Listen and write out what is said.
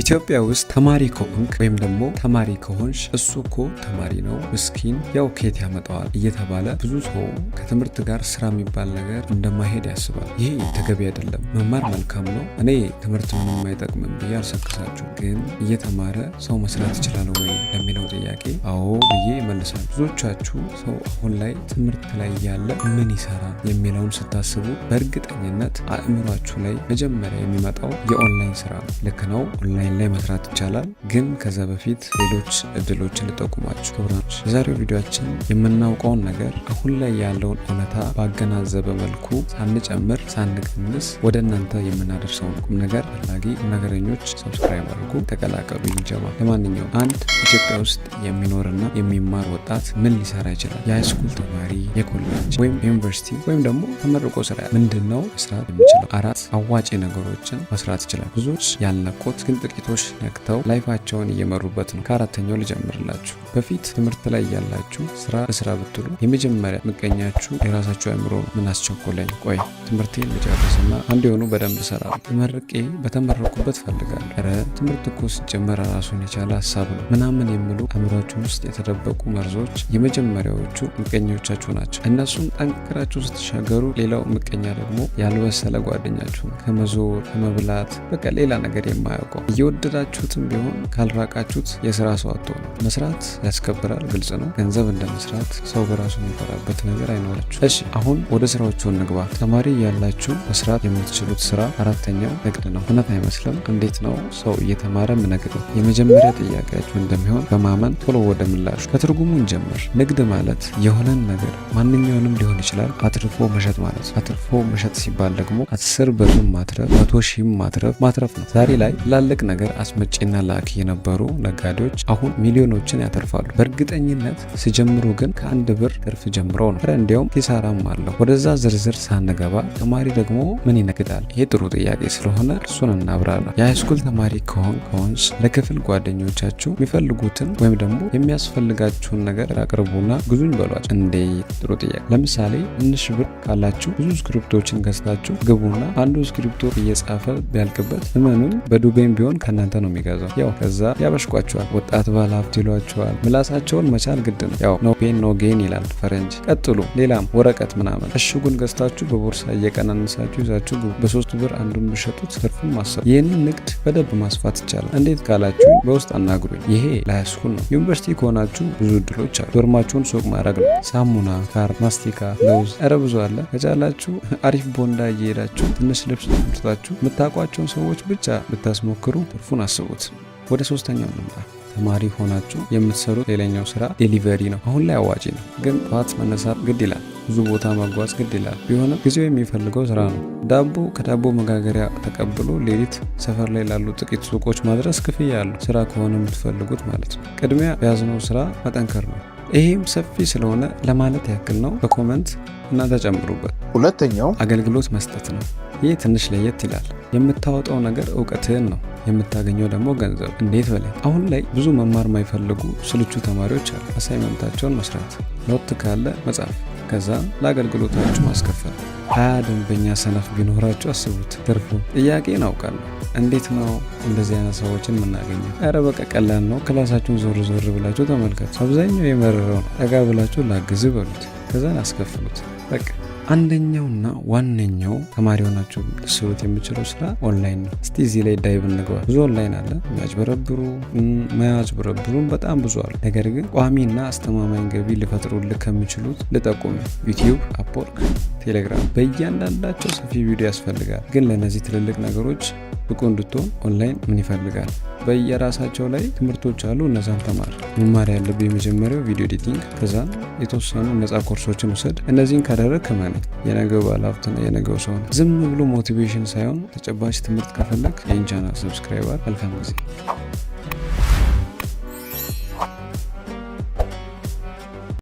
ኢትዮጵያ ውስጥ ተማሪ ከሆንክ ወይም ደግሞ ተማሪ ከሆንሽ እሱ እኮ ተማሪ ነው ምስኪን፣ ያው ከየት ያመጣዋል እየተባለ ብዙ ሰው ከትምህርት ጋር ስራ የሚባል ነገር እንደማይሄድ ያስባል። ይሄ ተገቢ አይደለም። መማር መልካም ነው። እኔ ትምህርት ምንም አይጠቅምም ብዬ አልሰክሳችሁ። ግን እየተማረ ሰው መስራት ይችላል ወይ ለሚለው ጥያቄ አዎ ብዬ መልሳል። ብዙዎቻችሁ ሰው አሁን ላይ ትምህርት ላይ ያለ ምን ይሰራል የሚለውን ስታስቡ በእርግጠኝነት አእምሯችሁ ላይ መጀመሪያ የሚመጣው የኦንላይን ስራ ነው። ልክ ነው። ላይን ላይ መስራት ይቻላል። ግን ከዛ በፊት ሌሎች እድሎችን ልጠቁማችሁ ክብራች። በዛሬው ቪዲዮችን የምናውቀውን ነገር አሁን ላይ ያለውን እውነታ ባገናዘበ መልኩ ሳንጨምር ሳንቀንስ ወደ እናንተ የምናደርሰውን ቁም ነገር ፈላጊ ቁም ነገረኞች ሰብስክራይብ አድርጉ፣ ተቀላቀሉ። ይንጀባ ለማንኛውም አንድ ኢትዮጵያ ውስጥ የሚኖርና የሚማር ወጣት ምን ሊሰራ ይችላል? የሃይስኩል ተማሪ፣ የኮሌጅ ወይም ዩኒቨርሲቲ ወይም ደግሞ ተመርቆ ስራ ምንድን ነው መስራት የሚችለው? አራት አዋጪ ነገሮችን መስራት ይችላል። ብዙዎች ያልነቁት ግን ጥቂቶች ነግተው ላይፋቸውን እየመሩበት ነው። ከአራተኛው ልጀምርላችሁ። በፊት ትምህርት ላይ ያላችሁ ስራ ስራ ብትሉ የመጀመሪያ ምቀኛችሁ የራሳችሁ አእምሮ ምን አስቸኮለኝ፣ ቆይ ትምህርቴን ልጨርስና አንድ የሆኑ በደንብ ሰራ ተመርቄ በተመረኩበት ፈልጋለሁ፣ ኧረ ትምህርት እኮ ሲጀመር ራሱን የቻለ ሀሳብ ነው ምናምን የሚሉ አእምሯችሁ ውስጥ የተደበቁ መርዞች የመጀመሪያዎቹ ምቀኞቻችሁ ናቸው። እነሱን ጠንክራችሁ ስትሻገሩ፣ ሌላው ምቀኛ ደግሞ ያልበሰለ ጓደኛችሁ ከመዞር ከመብላት በቃ ሌላ ነገር የማያውቀው እየወደዳችሁትም ቢሆን ካልራቃችሁት የስራ ሰው ነው። መስራት ያስከብራል፣ ግልጽ ነው። ገንዘብ እንደ መስራት ሰው በራሱ የሚፈራበት ነገር አይኖራችሁ። እሺ አሁን ወደ ስራዎችን እንግባ። ተማሪ ያላችሁ መስራት የምትችሉት ስራ አራተኛው ንግድ ነው። እውነት አይመስልም? እንዴት ነው ሰው እየተማረ ምነግድ? የመጀመሪያ ጥያቄያችሁ እንደሚሆን በማመን ቶሎ ወደ ምላሹ ከትርጉሙ እንጀምር። ንግድ ማለት የሆነን ነገር ማንኛውንም ሊሆን ይችላል አትርፎ መሸጥ ማለት። አትርፎ መሸጥ ሲባል ደግሞ አስር ብርም ማትረፍ መቶ ሺህም ማትረፍ ማትረፍ ነው። ዛሬ ላይ ላለቅ ነገር አስመጪና ላኪ የነበሩ ነጋዴዎች አሁን ሚሊዮኖችን ያተርፋሉ። በእርግጠኝነት ሲጀምሩ ግን ከአንድ ብር ትርፍ ጀምረው ነው። እንዲያውም ኪሳራም አለው። ወደዛ ዝርዝር ሳንገባ ተማሪ ደግሞ ምን ይነግዳል? ይሄ ጥሩ ጥያቄ ስለሆነ እርሱን እናብራለን። የሃይስኩል ተማሪ ከሆን ከሆንስ ለክፍል ጓደኞቻችሁ የሚፈልጉትን ወይም ደግሞ የሚያስፈልጋችሁን ነገር አቅርቡና ግዙኝ በሏቸው። እንዴ ጥሩ ጥያቄ። ለምሳሌ ትንሽ ብር ካላችሁ ብዙ ስክሪፕቶችን ገዝታችሁ ግቡና አንዱ ስክሪፕቶ እየጻፈ ቢያልቅበት እመኑኝ በዱቤም ቢሆን ሁሉን ከእናንተ ነው የሚገዛው። ያው ከዛ ያበሽቋቸዋል፣ ወጣት ባለ ሀብት ይሏቸዋል። ምላሳቸውን መቻል ግድ ነው። ያው ኖ ፔን ኖ ጌን ይላል ፈረንጅ። ቀጥሉ ሌላም ወረቀት ምናምን እሽጉን ገዝታችሁ በቦርሳ እየቀናነሳችሁ ይዛችሁ በሶስት ብር አንዱን ብሸጡት ትርፉን ማሰብ። ይህንን ንግድ በደንብ ማስፋት ይቻላል። እንዴት ካላችሁ በውስጥ አናግሩኝ። ይሄ ላያስኩን ነው። ዩኒቨርሲቲ ከሆናችሁ ብዙ እድሎች አሉ። ዶርማችሁን ሱቅ ማድረግ ነው። ሳሙና፣ ካር፣ ማስቲካ፣ ለውዝ፣ ኧረ ብዙ አለ። ከቻላችሁ አሪፍ ቦንዳ እየሄዳችሁ ትንሽ ልብስ ምትታችሁ የምታውቋቸውን ሰዎች ብቻ ብታስሞክሩ ስትጀምሩ ትርፉን አስቡት። ወደ ሶስተኛው እንምጣ። ተማሪ ሆናችሁ የምትሰሩት ሌላኛው ስራ ዴሊቨሪ ነው። አሁን ላይ አዋጪ ነው፣ ግን ጠዋት መነሳት ግድ ይላል፣ ብዙ ቦታ መጓዝ ግድ ይላል። ቢሆንም ጊዜው የሚፈልገው ስራ ነው። ዳቦ ከዳቦ መጋገሪያ ተቀብሎ ሌሊት ሰፈር ላይ ላሉ ጥቂት ሱቆች ማድረስ ክፍያ አለው። ስራ ከሆነ የምትፈልጉት ማለት ነው። ቅድሚያ ያዝነው ስራ መጠንከር ነው። ይሄም ሰፊ ስለሆነ ለማለት ያክል ነው። በኮመንት እና ተጨምሩበት። ሁለተኛው አገልግሎት መስጠት ነው። ይህ ትንሽ ለየት ይላል። የምታወጣው ነገር እውቀትህን ነው። የምታገኘው ደግሞ ገንዘብ እንዴት በላይ። አሁን ላይ ብዙ መማር የማይፈልጉ ስልቹ ተማሪዎች አሉ። አሳይመንታቸውን መስራት፣ ሎት ካለ መጽሐፍ ከዛ ለአገልግሎታችሁ ማስከፈል። ሀያ ደንበኛ ሰነፍ ቢኖራችሁ አስቡት። ትርፉ ጥያቄ አውቃለሁ። እንዴት ነው እንደዚህ አይነት ሰዎችን የምናገኘው? ኧረ በቃ ቀላል ነው። ክላሳችሁን ዞር ዞር ብላችሁ ተመልከቱ። አብዛኛው የመረረው ነው። ጠጋ ብላችሁ ላግዝ በሉት፣ ከዛን አስከፍሉት በቃ አንደኛውና ዋነኛው ተማሪ ሆናችሁ ልስሩት የምችለው ስራ ኦንላይን ነው። እስቲ እዚህ ላይ ዳይቭ እንግባ። ብዙ ኦንላይን አለ፣ የሚያጭበረብሩ የማያጭበረብሩም በጣም ብዙ አሉ። ነገር ግን ቋሚና አስተማማኝ ገቢ ሊፈጥሩልህ ከሚችሉት ልጠቁም፣ ዩቲዩብ፣ አፕወርክ፣ ቴሌግራም። በእያንዳንዳቸው ሰፊ ቪዲዮ ያስፈልጋል። ግን ለእነዚህ ትልልቅ ነገሮች ብቁ እንድትሆን ኦንላይን ምን ይፈልጋል? በየራሳቸው ላይ ትምህርቶች አሉ። እነዛን ተማር። መማር ያለብ የመጀመሪያው ቪዲዮ ኤዲቲንግ፣ ከዛም የተወሰኑ ነጻ ኮርሶችን ውሰድ። እነዚህን ካደረግ ከማለት የነገው ባለሀብትና የነገው ሰው ዝም ብሎ ሞቲቬሽን ሳይሆን ተጨባጭ ትምህርት ከፈለግ የእንቻና ሰብስክራይበር መልካም ጊዜ